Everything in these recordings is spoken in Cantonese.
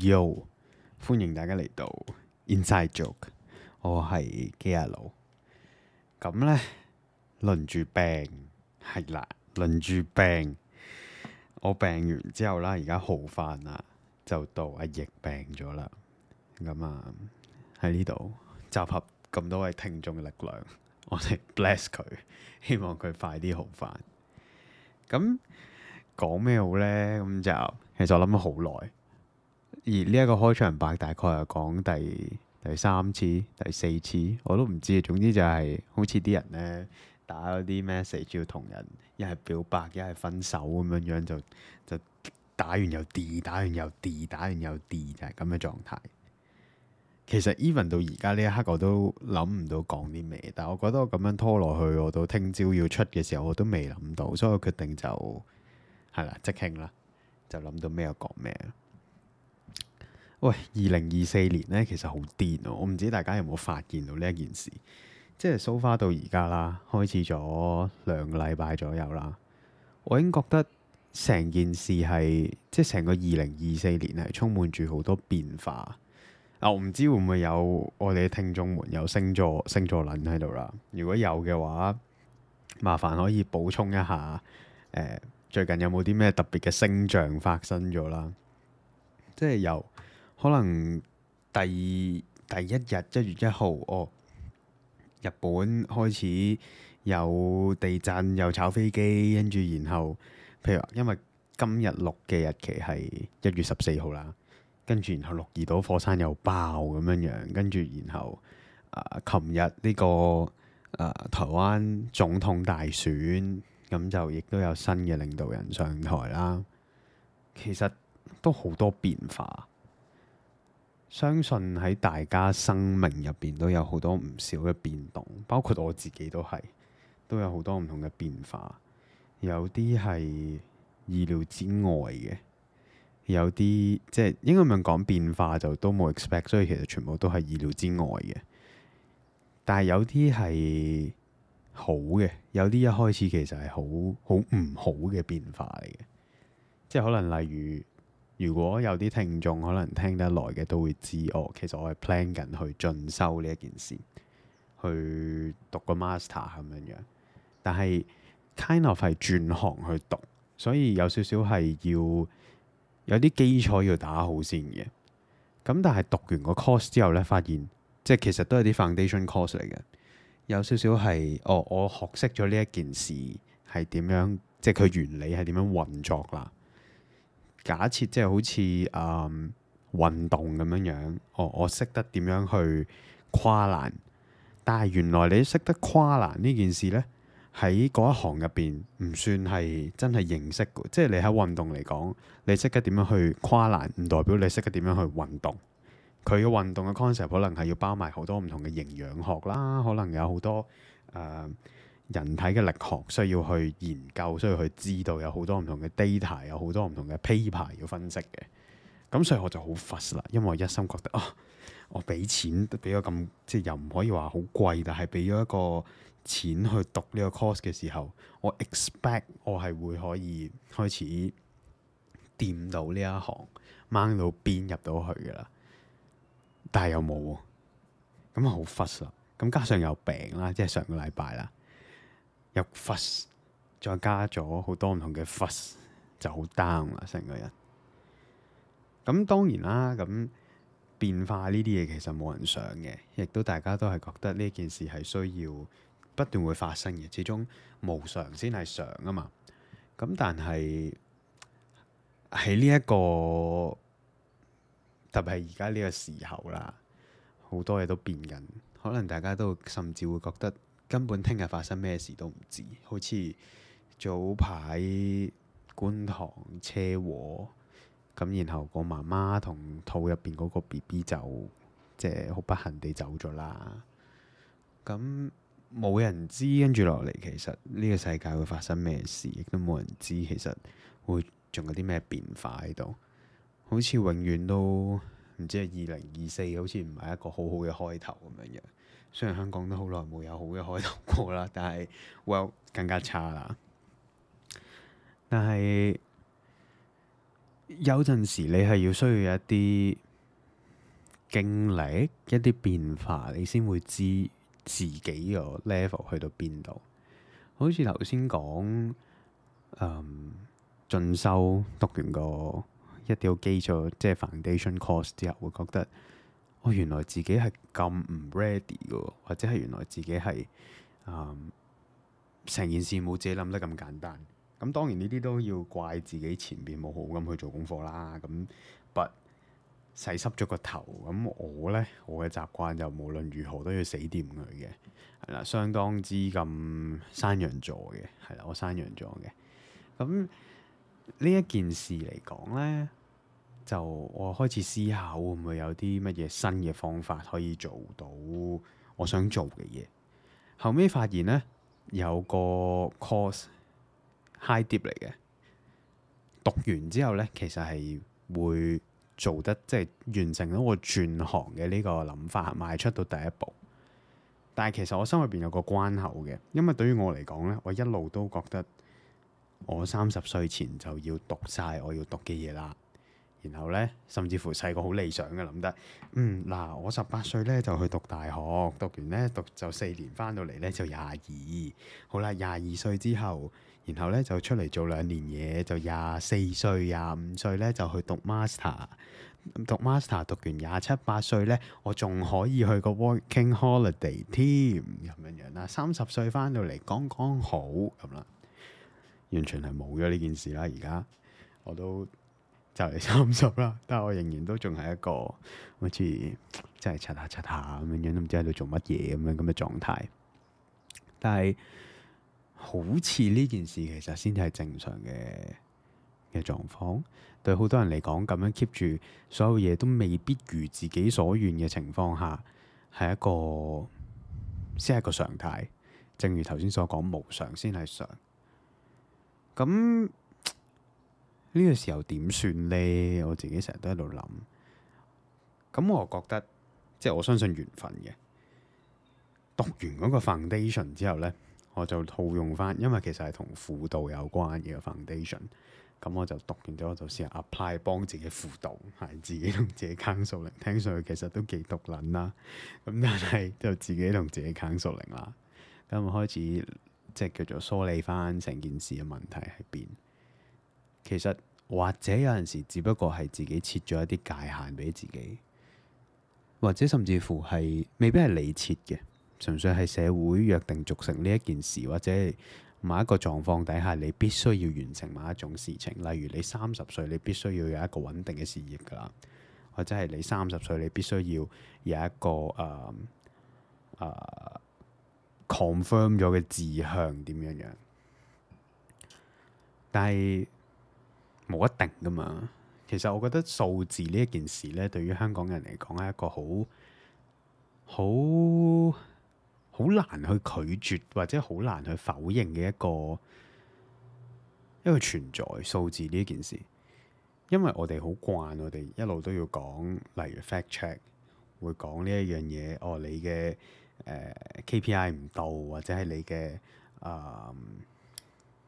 Yo，歡迎大家嚟到 Inside Joke。我係基亞奴，咁呢，輪住病係啦，輪住病。我病完之後啦，而家好返啦，就到阿易病咗啦。咁啊喺呢度集合咁多位聽眾嘅力量，我哋 bless 佢，希望佢快啲好返。咁講咩好呢？咁就其實我諗咗好耐。而呢一個開場白大概係講第第三次、第四次，我都唔知。總之就係好似啲人呢打嗰啲 message 要同人一係表白一係分手咁樣樣，就就打完又 D，打完又 D，打完又 D 就係咁嘅狀態。其實 even 到而家呢一刻我都諗唔到講啲咩，但係我覺得我咁樣拖落去，我到聽朝要出嘅時候我都未諗到，所以我決定就係啦即興啦，就諗到咩就講咩。喂，二零二四年呢，其實好癲哦。我唔知大家有冇發現到呢一件事，即係 so far 到而家啦，開始咗兩個禮拜左右啦。我已經覺得成件事係即係成個二零二四年係充滿住好多變化。啊，我唔知會唔會有我哋嘅聽眾們有星座星座撚喺度啦。如果有嘅話，麻煩可以補充一下。誒、呃，最近有冇啲咩特別嘅星象發生咗啦？即係由。可能第第一日一月一號，哦，日本開始有地震，又炒飛機，跟住然後，譬如話，因為今日錄嘅日期係一月十四號啦，跟住然後鹿兒島火山又爆咁樣樣，跟住然後啊，琴日呢個啊、呃、台灣總統大選咁就亦都有新嘅領導人上台啦，其實都好多變化。相信喺大家生命入邊都有好多唔少嘅變動，包括我自己都係都有好多唔同嘅變化，有啲係意料之外嘅，有啲即係應該咁樣講，變化就都冇 expect，所以其實全部都係意料之外嘅。但係有啲係好嘅，有啲一開始其實係好好唔好嘅變化嚟嘅，即係可能例如。如果有啲聽眾可能聽得耐嘅都會知哦，其實我係 plan 緊去進修呢一件事，去讀個 master 咁樣樣，但係 kind of 係轉行去讀，所以有少少係要有啲基礎要打好先嘅。咁但係讀完個 course 之後咧，發現即係其實都係啲 foundation course 嚟嘅，有少少係哦，我學識咗呢一件事係點樣，即係佢原理係點樣運作啦。假設即係好似誒、嗯、運動咁樣樣，哦、我我識得點樣去跨欄，但係原來你識得跨欄呢件事呢，喺嗰一行入邊唔算係真係認識。即係你喺運動嚟講，你識得點樣去跨欄，唔代表你識得點樣去運動。佢嘅運動嘅 concept 可能係要包埋好多唔同嘅營養學啦，可能有好多誒，呃人體嘅力學需要去研究，需要去知道有好多唔同嘅 data，有好多唔同嘅 paper 要分析嘅。咁所以我就好 fuss 啦，因為我一心覺得啊、哦，我俾錢俾咗咁，即係又唔可以話好貴，但係俾咗一個錢去讀呢個 course 嘅時候，我 expect 我係會可以開始掂到呢一行掹到邊入到去噶啦。但係又冇，咁啊好 fuss 啦。咁加上有病啦，即係上個禮拜啦。有 fuss，再加咗好多唔同嘅 fuss，就好 down 啦成個人。咁當然啦，咁變化呢啲嘢其實冇人想嘅，亦都大家都係覺得呢件事係需要不斷會發生嘅。始終無常先係常啊嘛。咁但係喺呢一個特別係而家呢個時候啦，好多嘢都變緊，可能大家都甚至會覺得。根本聽日發生咩事都唔知，好似早排觀塘車禍，咁，然後個媽媽同肚入邊嗰個 B B 就即係好不幸地走咗啦。咁冇人知，跟住落嚟，其實呢個世界會發生咩事，亦都冇人知。其實會仲有啲咩變化喺度，好似永遠都唔知。係二零二四好似唔係一個好好嘅開頭咁樣樣。雖然香港都好耐冇有好嘅開頭過啦，但係會有更加差啦。但係有陣時你係要需要一啲經歷、一啲變化，你先會知自己個 level 去到邊度。好似頭先講，嗯，進修讀完一個一啲基礎，即係 foundation course 之後，會覺得。我、哦、原來自己係咁唔 ready 嘅，或者係原來自己係啊成件事冇自己諗得咁簡單。咁當然呢啲都要怪自己前邊冇好好咁去做功課啦。咁，but 洗濕咗個頭。咁我咧，我嘅習慣就無論如何都要死掂佢嘅。係啦，相當之咁山羊座嘅。係啦，我山羊座嘅。咁呢一件事嚟講咧。就我開始思考會唔會有啲乜嘢新嘅方法可以做到我想做嘅嘢。後尾發現呢，有個 course high deep 嚟嘅，讀完之後呢，其實係會做得即係、就是、完成咗我轉行嘅呢個諗法，邁出到第一步。但係其實我心裏邊有個關口嘅，因為對於我嚟講呢，我一路都覺得我三十歲前就要讀晒我要讀嘅嘢啦。然後咧，甚至乎細個好理想嘅諗得，嗯嗱，我十八歲咧就去讀大學，讀完咧讀就四年，翻到嚟咧就廿二，好啦，廿二歲之後，然後咧就出嚟做兩年嘢，就廿四歲、廿五歲咧就去讀 master，讀 master 讀完廿七八歲咧，我仲可以去個 working holiday 添，咁樣樣啦，三十歲翻到嚟剛剛好咁啦，完全係冇咗呢件事啦，而家我都，就嚟三十啦，但係我仍然都仲係一個好似真係刷下刷下咁樣，都唔知喺度做乜嘢咁樣咁嘅狀態。但係好似呢件事，其實先至係正常嘅嘅狀況。對好多人嚟講，咁樣 keep 住所有嘢都未必如自己所願嘅情況下，係一個先係一個常態。正如頭先所講，無常先係常。咁。呢個時候點算呢？我自己成日都喺度諗。咁我覺得， 即係我相信緣分嘅。讀完嗰個 foundation 之後呢，我就套用翻，因為其實係同輔導有關嘅 foundation。咁 found 我就讀完咗，我就試下 apply 幫自己輔導，係自己同自己 counselling。聽上去其實都幾毒撚啦。咁但係就自己同自己 counselling 啦。咁我開始即係叫做梳理翻成件事嘅問題喺邊。其實或者有陣時，只不過係自己設咗一啲界限俾自己，或者甚至乎係未必係你設嘅，純粹係社會約定俗成呢一件事，或者某一個狀況底下，你必須要完成某一種事情。例如你三十歲，你必須要有一個穩定嘅事業噶啦，或者係你三十歲，你必須要有一個呃呃 confirm 咗嘅志向點樣樣，但係。冇一定噶嘛，其實我覺得數字呢一件事咧，對於香港人嚟講係一個好好好難去拒絕或者好難去否認嘅一個，一個存在數字呢一件事，因為我哋好慣我哋一路都要講，例如 fact check 會講呢一樣嘢，哦，你嘅誒、呃、KPI 唔到或者係你嘅啊。呃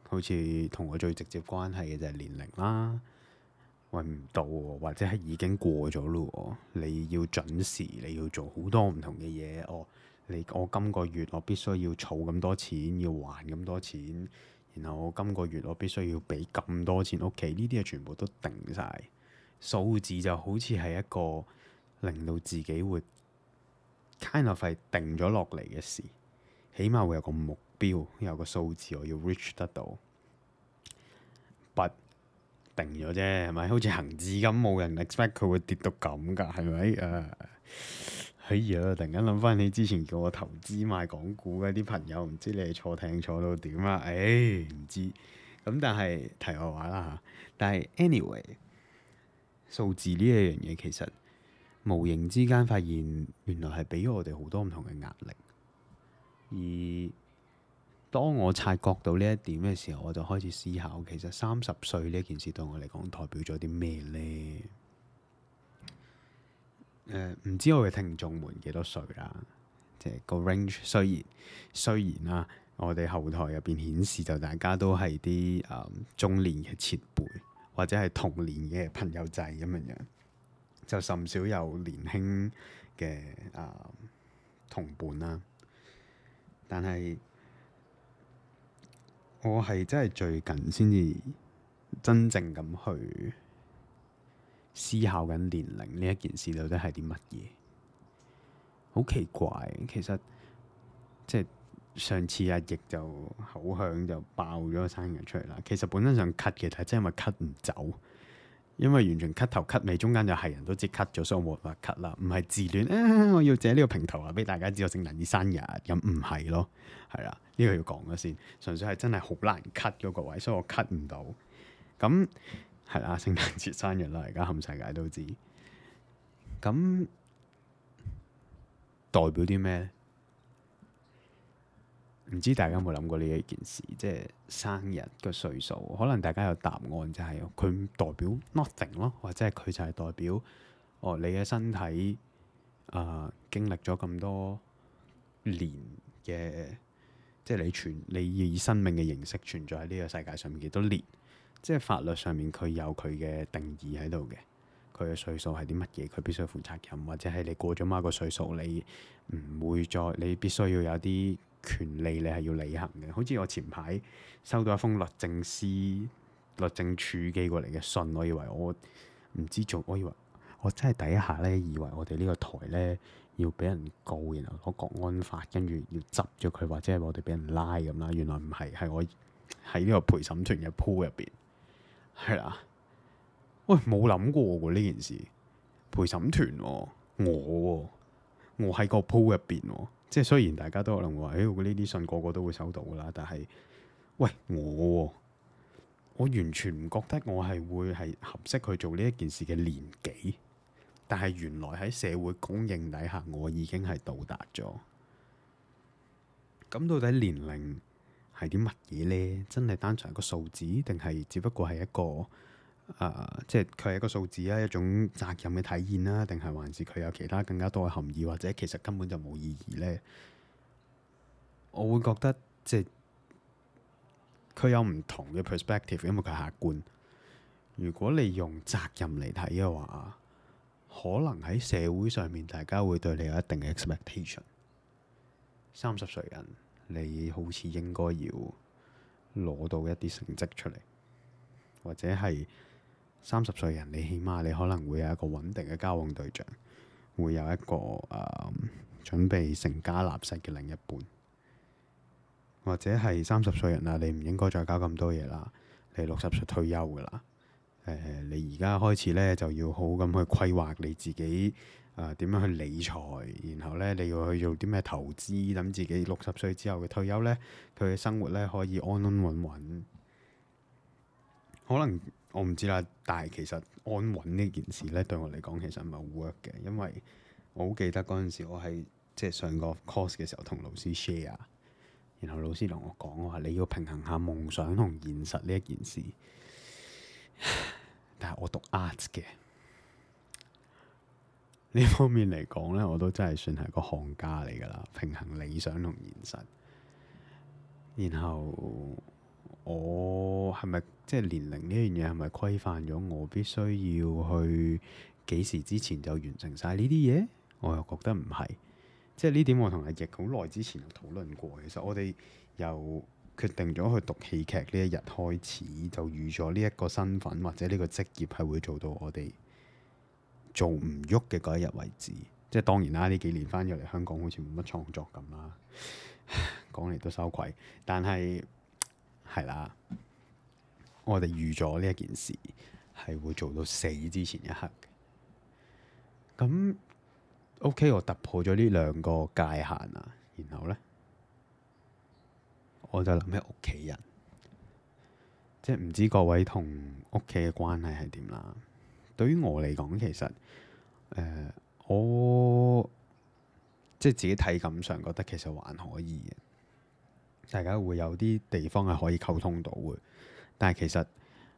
好似同我最直接關係嘅就係年齡啦，揾唔到、喔、或者係已經過咗咯。你要準時，你要做好多唔同嘅嘢。我你我今個月我必須要儲咁多錢，要還咁多錢。然後我今個月我必須要俾咁多錢屋企。呢啲係全部都定晒，數字，就好似係一個令到自己會 kind of 係定咗落嚟嘅事。起碼會有個目標，有個數字我要 reach 得到，不定咗啫，係咪？好似恒指咁，冇人 expect 佢會跌到咁㗎，係咪？誒、uh，哎呀！突然間諗翻起之前叫我投資買港股嗰啲朋友坐坐，唔、哎、知你係坐艇坐到點啊？誒，唔知。咁但係題外話啦嚇，但係 anyway，數字呢一樣嘢其實無形之間發現，原來係俾我哋好多唔同嘅壓力。而當我察覺到呢一點嘅時候，我就開始思考，其實三十歲呢件事對我嚟講代表咗啲咩呢？呃、唔知我嘅聽眾們幾多歲啦？即係個 range，雖然雖然啦、啊，我哋後台入邊顯示就大家都係啲、呃、中年嘅前輩，或者係同年嘅朋友仔咁樣樣，就甚少有年輕嘅、呃、同伴啦、啊。但係我係真係最近先至真正咁去思考緊年齡呢一件事到底係啲乜嘢？好奇怪，其實即係、就是、上次阿易就口響就爆咗個生日出嚟啦。其實本身想 cut 嘅，但係真係因為 cut 唔走，因為完全 cut 頭 cut 尾，中間就係人都知 cut 咗，所以我冇辦法 cut 啦。唔係自戀啊，我要借呢個平頭啊，俾大家知我聖誕節生日咁唔係咯，係啦，呢個要講咗先，純粹係真係好難 cut 嗰個位，所以我 cut 唔到。咁係啦，聖誕節生日啦，而家冚世界都知。咁代表啲咩咧？唔知大家有冇諗過呢一件事，即係生日嘅歲數，可能大家有答案就係、是、佢代表 nothing 咯，或者係佢就係代表哦，你嘅身體啊、呃、經歷咗咁多年嘅，即係你存你要以生命嘅形式存在喺呢個世界上面幾多年，即係法律上面佢有佢嘅定義喺度嘅，佢嘅歲數係啲乜嘢，佢必須負責任，或者係你過咗某個歲數，你唔會再你必須要有啲。權利你係要履行嘅。好似我前排收到一封律政司、律政處寄過嚟嘅信，我以為我唔知做，我以為我真係第一下咧，以為我哋呢個台咧要俾人告，然後攞國安法，跟住要執咗佢，或者係我哋俾人拉咁啦，原來唔係，係我喺呢個陪審團嘅 pool 入邊，係啦，喂，冇諗過呢件事，陪審團、哦、我、哦、我我喺個 pool 入邊、哦。即係雖然大家都可能話，誒、哎，呢啲信個個都會收到噶啦，但係，喂我，我完全唔覺得我係會係合適去做呢一件事嘅年紀，但係原來喺社會公認底下，我已經係到達咗。咁到底年齡係啲乜嘢咧？真係單純係一個數字，定係只不過係一個？啊，uh，即係佢係一個數字啦，一種責任嘅體現啦，定係還是佢有其他更加多嘅含義，或者其實根本就冇意義呢？我會覺得即係佢有唔同嘅 perspective，因為佢係客觀。如果你用責任嚟睇嘅話，可能喺社會上面，大家會對你有一定嘅 expectation。三十歲人，你好似應該要攞到一啲成績出嚟，或者係。三十歲人，你起碼你可能會有一個穩定嘅交往對象，會有一個誒、呃、準備成家立室嘅另一半，或者係三十歲人啦，你唔應該再搞咁多嘢啦，你六十歲退休噶啦、呃，你而家開始咧就要好咁去規劃你自己誒點、呃、樣去理財，然後咧你要去做啲咩投資，等自己六十歲之後嘅退休咧，佢嘅生活咧可以安安穩穩，可能。我唔知啦，但係其實安穩呢件事咧，對我嚟講其實唔係 work 嘅，因為我好記得嗰陣時我喺即係上個 course 嘅時候，同老師 share，然後老師同我講話，你要平衡下夢想同現實呢一件事。但係我讀 art 嘅呢方面嚟講咧，我都真係算係個行家嚟㗎喇，平衡理想同現實。然後。我係咪即係年齡呢樣嘢係咪規範咗我必須要去幾時之前就完成晒呢啲嘢？我又覺得唔係，即係呢點我同阿奕好耐之前就討論過。其實我哋由決定咗去讀戲劇呢一日開始，就預咗呢一個身份或者呢個職業係會做到我哋做唔喐嘅嗰一日為止。即係當然啦，呢幾年翻咗嚟香港好似冇乜創作咁啦，講嚟都羞愧。但係係啦，我哋預咗呢一件事係會做到死之前一刻嘅。咁，OK，我突破咗呢兩個界限啊，然後咧，我就諗起屋企人，即係唔知各位同屋企嘅關係係點啦。對於我嚟講，其實誒、呃，我即係自己體感上覺得其實還可以嘅。大家會有啲地方係可以溝通到嘅，但係其實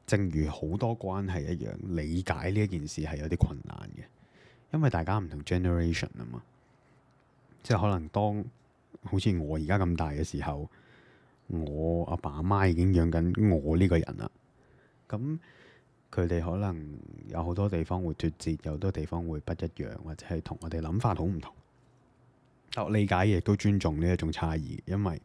正如好多關係一樣，理解呢一件事係有啲困難嘅，因為大家唔同 generation 啊嘛。即係可能當好似我而家咁大嘅時候，我阿爸阿媽已經養緊我呢個人啦。咁佢哋可能有好多地方會脫節，有好多地方會不一樣，或者係同我哋諗法好唔同。但我理解亦都尊重呢一種差異，因為，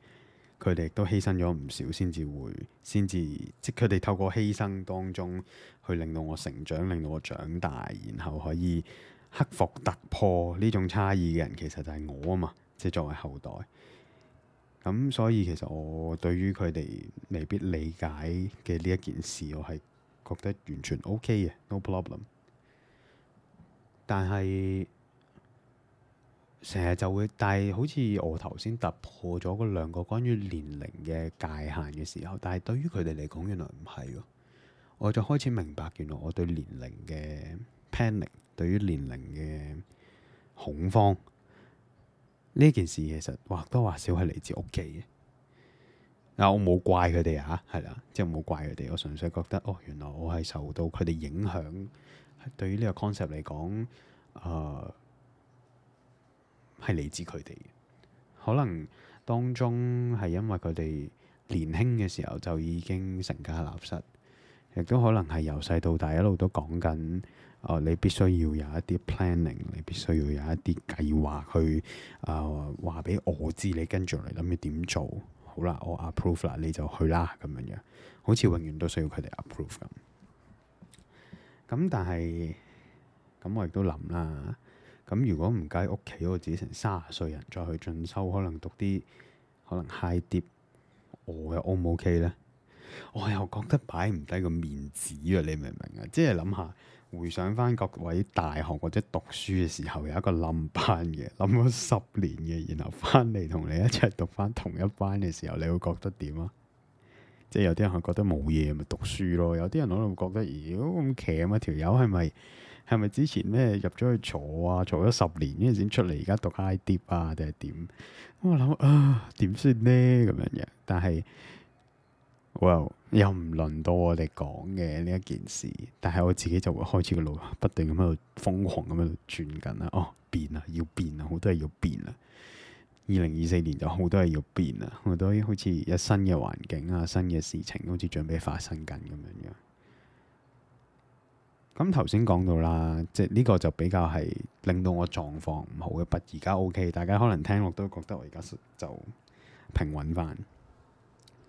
佢哋亦都犧牲咗唔少，先至會，先至即佢哋透過犧牲當中去令到我成長，令到我長大，然後可以克服突破呢種差異嘅人，其實就係我啊嘛，即係作為後代。咁所以其實我對於佢哋未必理解嘅呢一件事，我係覺得完全 OK 嘅，no problem 但。但係。成日就會，但係好似我頭先突破咗嗰兩個關於年齡嘅界限嘅時候，但係對於佢哋嚟講，原來唔係喎。我就開始明白，原來我對年齡嘅 panic，對於年齡嘅恐慌呢件事，其實或多或少係嚟自屋企嘅。嗱，我冇、就是、怪佢哋呀，係啦，即係冇怪佢哋。我純粹覺得，哦，原來我係受到佢哋影響。對於呢個 concept 嚟講，啊、呃、～係嚟自佢哋，可能當中係因為佢哋年輕嘅時候就已經成家立室，亦都可能係由細到大一路都講緊，哦，你必須要有一啲 planning，你必須要有一啲計劃去啊，話、呃、俾我知，你跟住嚟諗住點做，好啦，我 approve 啦，你就去啦，咁樣樣，好似永遠都需要佢哋 approve 咁。咁但係，咁我亦都諗啦。咁如果唔計屋企，我自己成卅歲人再去進修，可能讀啲可能 high 啲，我又 O 唔 OK 咧？我又覺得擺唔低個面子啊！你明唔明啊？即係諗下回想翻各位大學或者讀書嘅時候，有一個冧班嘅，諗咗十年嘅，然後翻嚟同你一齊讀翻同一班嘅時候，你會覺得點啊？即係有啲人覺得冇嘢咪讀書咯，有啲人可能覺得咦，咁騎咁一條友係咪？係咪之前咩入咗去坐啊，坐咗十年，跟住先出嚟，而家讀 I D 啊，定係點？我諗啊，點、呃、算咧咁樣嘅？但係哇又唔輪到我哋講嘅呢一件事。但係我自己就會開始個腦不斷咁喺度瘋狂咁喺度轉緊啦。哦，變啊，要變啊，好多嘢要變啊。二零二四年就好多嘢要變啦，多好多好似有新嘅環境啊，新嘅事情，好似準備發生緊咁樣嘅。咁頭先講到啦，即係呢個就比較係令到我狀況唔好嘅，但而家 OK，大家可能聽落都覺得我而家就平穩翻。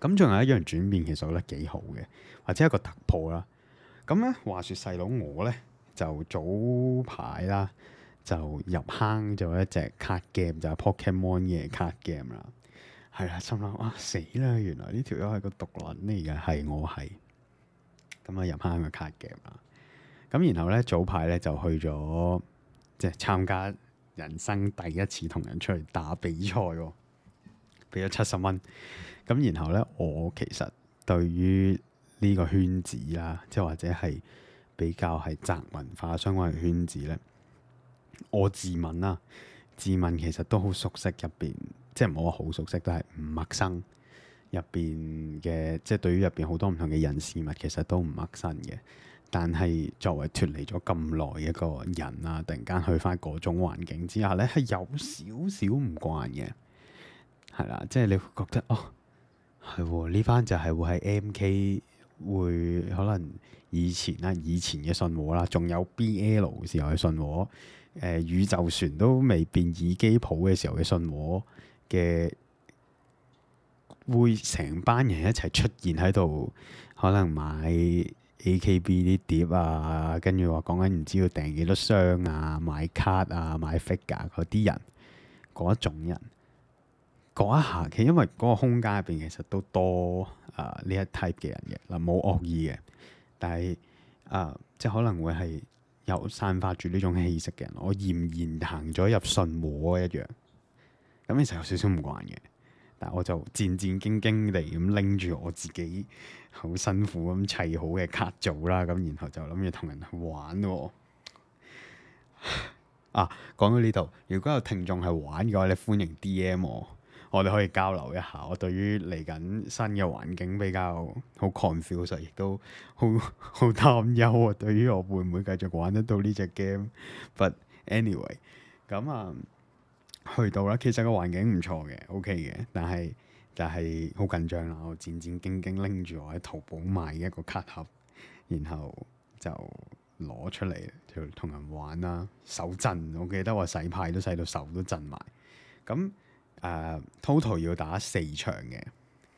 咁仲有一樣轉變，其實我覺得幾好嘅，或者一個突破啦。咁咧，話說細佬我咧，就早排啦，就入坑咗一隻卡 game，就係 Pokemon 嘅卡 game 啦。係啦，心諗啊死啦，原來呢條友係個毒撚呢，而家係我係咁啊入坑嘅卡 game 啦。咁然後咧，早排咧就去咗即係參加人生第一次同人出去打比賽喎，哦，俾咗七十蚊。咁然後咧，我其實對於呢個圈子啦，即係或者係比較係宅文化相關嘅圈子咧，我自問啦、啊，自問其實都好熟悉入邊，即係冇話好熟悉，都係唔陌生入邊嘅，即係對於入邊好多唔同嘅人事物，其實都唔陌生嘅。但係，作為脫離咗咁耐嘅一個人啊，突然間去翻嗰種環境之下咧，係有少少唔慣嘅。係啦，即係你會覺得哦，係呢班就係會喺 MK 會可能以前啦，以前嘅信和啦，仲有 BL 時候嘅信和，誒、呃、宇宙船都未變耳機鋪嘅時候嘅信和嘅，會成班人一齊出現喺度，可能買。AKB 啲碟啊，跟住我講緊唔知要訂幾多箱啊，買卡啊，買 figure 嗰啲人，嗰一種人，嗰一下嘅，因為嗰個空間入邊其實都多啊呢、呃、一 type 嘅人嘅嗱，冇惡意嘅，但係啊、呃，即係可能會係有散發住呢種氣息嘅人，我儼然行咗入信和一樣，咁其實有少少唔慣嘅，但我就戰戰兢兢地咁拎住我自己。好辛苦咁砌好嘅卡組啦，咁然後就諗住同人去玩。啊，講到呢度，如果有聽眾係玩嘅話，你歡迎 DM 我，我哋可以交流一下。我對於嚟緊新嘅環境比較好 confuse，亦都好好擔憂啊。對於我會唔會繼續玩得到呢隻 game？But anyway，咁啊去到啦，其實個環境唔錯嘅，OK 嘅，但係。但係好緊張啦！我戰戰兢兢拎住我喺淘寶買嘅一個卡盒，然後就攞出嚟就同人玩啦。手震，我記得我洗牌都洗到手都震埋。咁誒，total 要打四場嘅。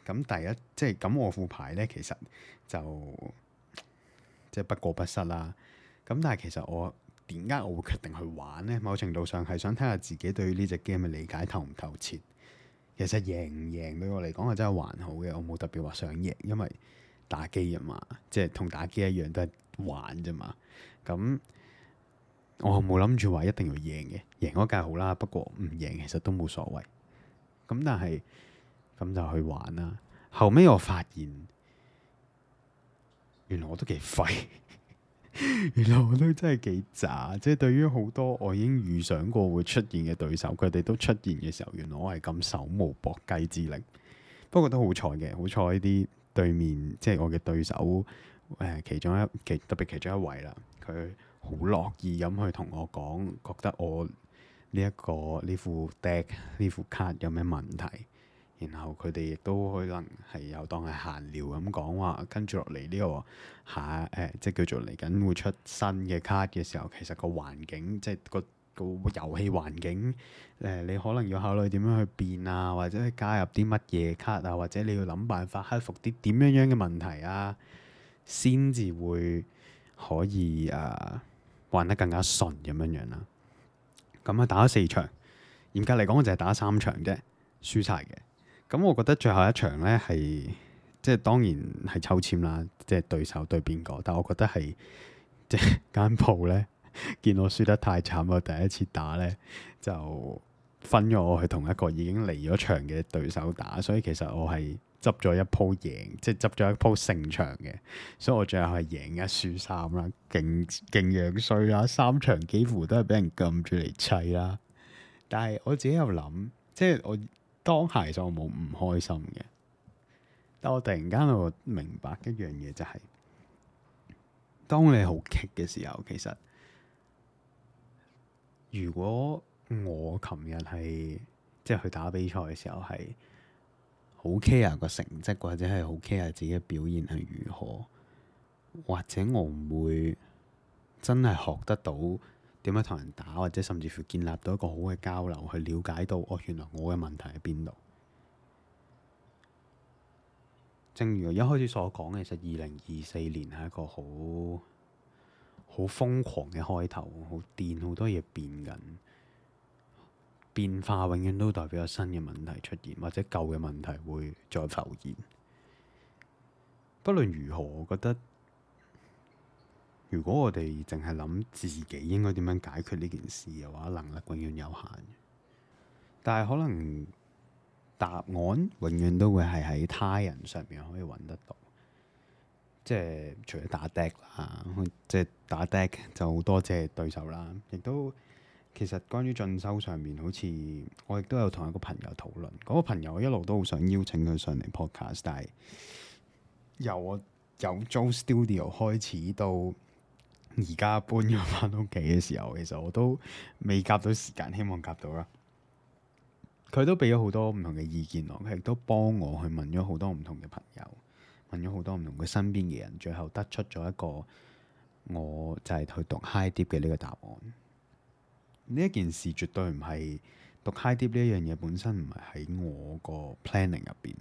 咁第一，即係咁，我副牌咧，其實就即係、就係、不過不失啦。咁但係其實我點解我會決定去玩咧？某程度上係想睇下自己對呢隻 game 嘅理解透唔透徹。其實贏唔贏對我嚟講係真係還好嘅，我冇特別話想贏，因為打機啊嘛，即係同打機一樣都係玩啫嘛。咁我冇諗住話一定要贏嘅，贏嗰屆好啦，不過唔贏其實都冇所謂。咁但係咁就去玩啦。後尾我發現，原來我都幾廢。原來我都真係幾渣，即係對於好多我已經預想過會出現嘅對手，佢哋都出現嘅時候，原來我係咁手無縛雞之力。不過都好彩嘅，好彩呢啲對面即係我嘅對手，誒，其中一其特別其中一位啦，佢好樂意咁去同我講，覺得我呢一個呢副 deck 呢副 card 有咩問題？然後佢哋亦都可能係有當係閒聊咁講話，跟住落嚟呢個下誒、呃，即係叫做嚟緊會出新嘅卡嘅時候，其實個環境即係個個遊戲環境誒、呃，你可能要考慮點樣去變啊，或者加入啲乜嘢卡啊，或者你要諗辦法克服啲點樣樣嘅問題啊，先至會可以誒、呃、玩得更加順咁樣樣啦。咁啊，打咗四場嚴格嚟講，我就係打三場啫，輸晒嘅。咁我覺得最後一場咧係即係當然係抽籤啦，即係對手對邊個？但我覺得係即係間鋪咧，見我輸得太慘啦，我第一次打咧就分咗我去同一個已經離咗場嘅對手打，所以其實我係執咗一鋪贏，即係執咗一鋪勝場嘅，所以我最後係贏一輸三啦，勁勁樣衰啦，三場幾乎都係俾人撳住嚟砌啦，但係我自己又諗，即係我。當下其實我冇唔開心嘅，但我突然間我明白一樣嘢，就係、是，當你好激嘅時候，其實如果我琴日係即係去打比賽嘅時候係好 care 個成績，或者係好 care 自己嘅表現係如何，或者我唔會真係學得到。點樣同人打，或者甚至乎建立到一個好嘅交流，去了解到，哦，原來我嘅問題喺邊度？正如我一開始所講，其實二零二四年係一個好好瘋狂嘅開頭，好癲，好多嘢變緊，變化永遠都代表有新嘅問題出現，或者舊嘅問題會再浮現。不論如何，我覺得。如果我哋淨係諗自己應該點樣解決呢件事嘅話，能力永遠有限。但係可能答案永遠都會係喺他人上面可以搵得到。即係除咗打 deck 啦，即係打 deck 就好多謝對手啦。亦都其實關於進修上面，好似我亦都有同一個朋友討論。嗰個朋友一路都好想邀請佢上嚟 podcast，但係由我由做 studio 開始到。而家搬咗翻屋企嘅時候，其實我都未夾到時間，希望夾到啦。佢都俾咗好多唔同嘅意見我，佢亦都幫我去問咗好多唔同嘅朋友，問咗好多唔同嘅身邊嘅人，最後得出咗一個我就係去讀 high dip 嘅呢個答案。呢一件事絕對唔係讀 high dip 呢一樣嘢本身唔係喺我個 planning 入邊。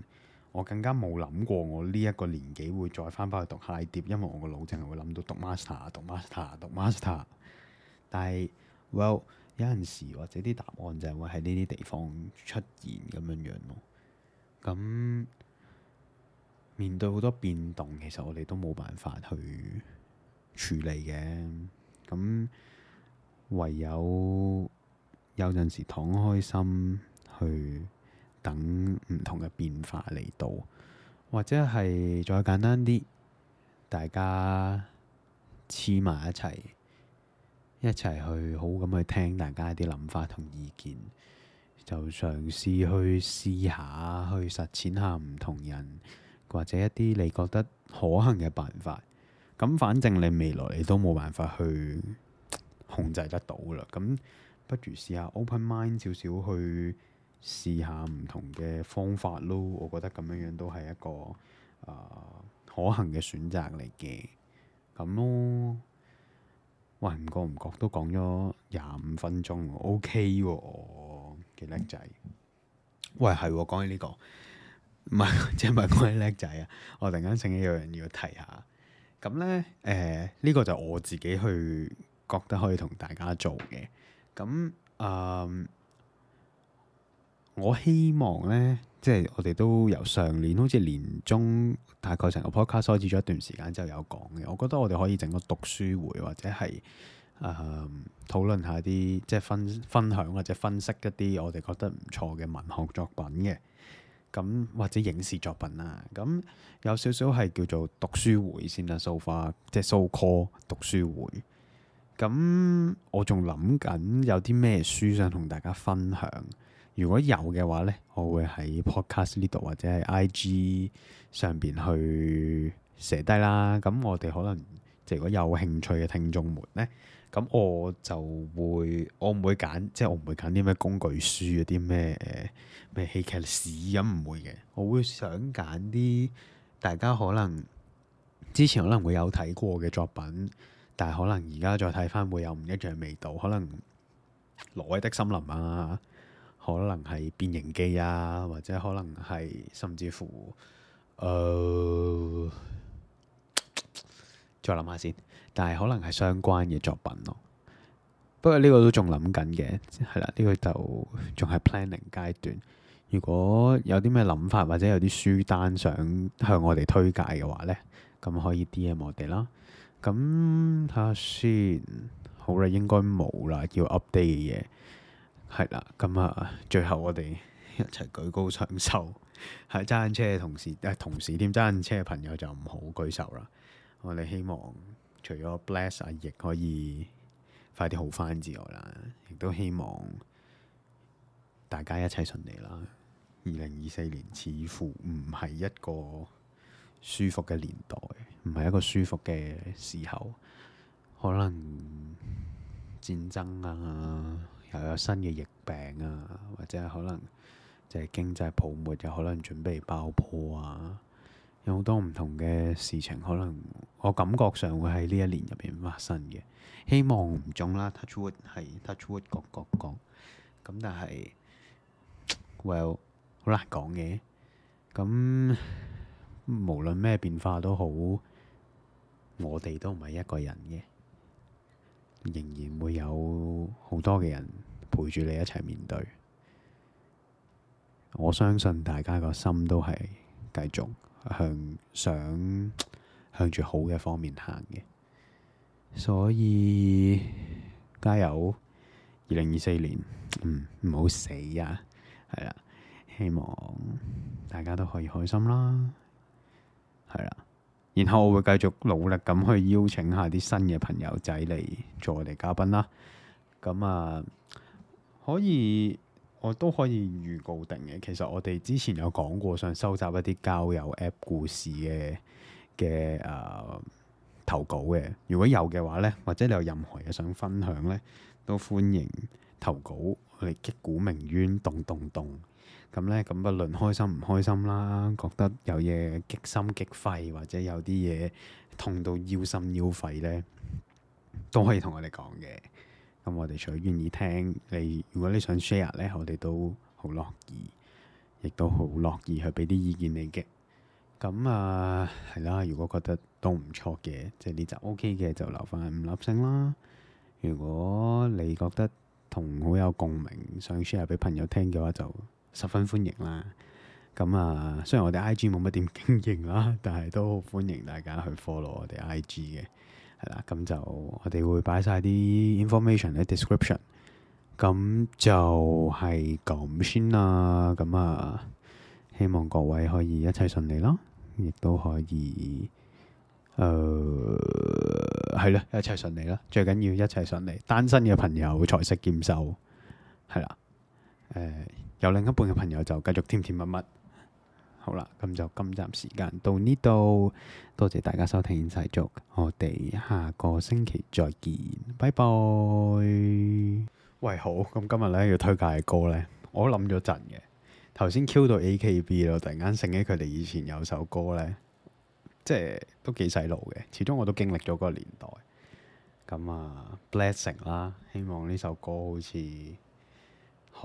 我更加冇諗過，我呢一個年紀會再翻返去讀 Higher Diploma，因為我個腦淨係會諗到讀 Master、讀 Master、讀 Master。但係 Well 有陣時或者啲答案就係會喺呢啲地方出現，咁樣樣咯。咁面對好多變動，其實我哋都冇辦法去處理嘅。咁唯有有陣時躺開心去。等唔同嘅變化嚟到，或者係再簡單啲，大家黐埋一齊，一齊去好咁去聽大家啲諗法同意見，就嘗試去試下去實踐下唔同人或者一啲你覺得可行嘅辦法。咁反正你未來你都冇辦法去控制得到啦。咁不如試下 open mind 少少去。試下唔同嘅方法咯，我覺得咁樣樣都係一個誒、呃、可行嘅選擇嚟嘅，咁咯，呃試試 OK 咯我。喂，唔覺唔覺都講咗廿五分鐘，O K 喎，幾叻仔。喂，係講起呢、這個，唔係即係唔係講起叻仔啊？我突然間醒起有人要提下，咁咧誒、呢、呃這個就我自己去覺得可以同大家做嘅，咁啊。呃我希望呢，即係我哋都由上年好似年中大概成個 podcast 開始咗一段時間之後有講嘅，我覺得我哋可以整個讀書會或者係誒討論下啲即係分分享或者分析一啲我哋覺得唔錯嘅文學作品嘅，咁或者影視作品啊。咁有少少係叫做讀書會先啦，so far，即係 so call 讀書會。咁我仲諗緊有啲咩書想同大家分享。.如果有嘅話呢，我會喺 podcast 呢度或者係 IG 上邊去寫低啦。咁我哋可能即係如果有興趣嘅聽眾們呢，咁我就會我唔會揀，即係我唔會揀啲咩工具書啲咩誒咩戲劇史咁唔會嘅。我會想揀啲大家可能之前可能會有睇過嘅作品，但係可能而家再睇翻會有唔一樣味道。可能挪威的森林啊。可能係變形記啊，或者可能係甚至乎，誒、呃，再諗下先。但係可能係相關嘅作品咯，啊。不過呢個都仲諗緊嘅，係、嗯、啦、呢，這個就仲係 planning 階段。如果有啲咩諗法或者有啲書單想向我哋推介嘅話呢，咁可以 DM 我哋啦。咁睇下先，好啦，應該冇啦，要 update 嘅嘢。係啦，咁啊，最後我哋一齊舉高雙手，係揸緊車嘅同事誒，同事添，揸緊車嘅朋友就唔好舉手啦。我哋希望除咗 Bless 阿奕可以快啲好返之外啦，亦都希望大家一齊順利啦。二零二四年似乎唔係一個舒服嘅年代，唔係一個舒服嘅時候，可能戰爭啊～又有新嘅疫病啊，或者可能就係經濟泡沫，有可能準備爆破啊，有好多唔同嘅事情，可能我感覺上會喺呢一年入邊發生嘅。希望唔中啦，touch wood 係 touch wood 各各各咁，但係 well 好難講嘅。咁無論咩變化都好，我哋都唔係一個人嘅。仍然會有好多嘅人陪住你一齊面對，我相信大家個心都係繼續向上向住好嘅方面行嘅，所以加油！二零二四年，嗯，唔好死啊！係啦，希望大家都可以開心啦，係啦。然後我會繼續努力咁去邀請下啲新嘅朋友仔嚟做我哋嘉賓啦。咁啊，可以我都可以預告定嘅。其實我哋之前有講過，想收集一啲交友 App 故事嘅嘅誒投稿嘅。如果有嘅話咧，或者你有任何嘢想分享咧，都歡迎投稿。我哋擊鼓鳴冤，咚咚咚。咁咧，咁不論開心唔開心啦，覺得有嘢激心激肺，或者有啲嘢痛到腰心腰肺咧，都可以同我哋講嘅。咁我哋除咗願意聽你，如果你想 share 咧，我哋都好樂意，亦都好樂意去俾啲意見你嘅。咁啊，係啦。如果覺得都唔錯嘅，即係呢集 OK 嘅，就，是 OK，就留翻五粒星啦。如果你覺得同好有共鳴，想 share 俾朋友聽嘅話，就～十分歡迎啦！咁啊，雖然我哋 I G 冇乜點經營啦，但係都好歡迎大家去 follow 我哋 I G 嘅，係啦。咁就我哋會擺晒啲 information 喺 description。咁就係咁先啦。咁啊，希望各位可以一切順利啦，亦都可以誒係咯，一切順利啦。最緊要一切順利。單身嘅朋友財色兼收係啦，誒。有另一半嘅朋友就繼續甜甜蜜蜜。好啦，咁就今集時間到呢度，多謝大家收聽晒，祝我哋下個星期再見，拜拜。喂，好，咁今日咧要推介嘅歌呢，我諗咗陣嘅，頭先 Q 到 AKB 咯，突然間醒起佢哋以前有首歌呢，即係都幾細路嘅，始終我都經歷咗嗰個年代。咁啊，blessing 啦，希望呢首歌好似。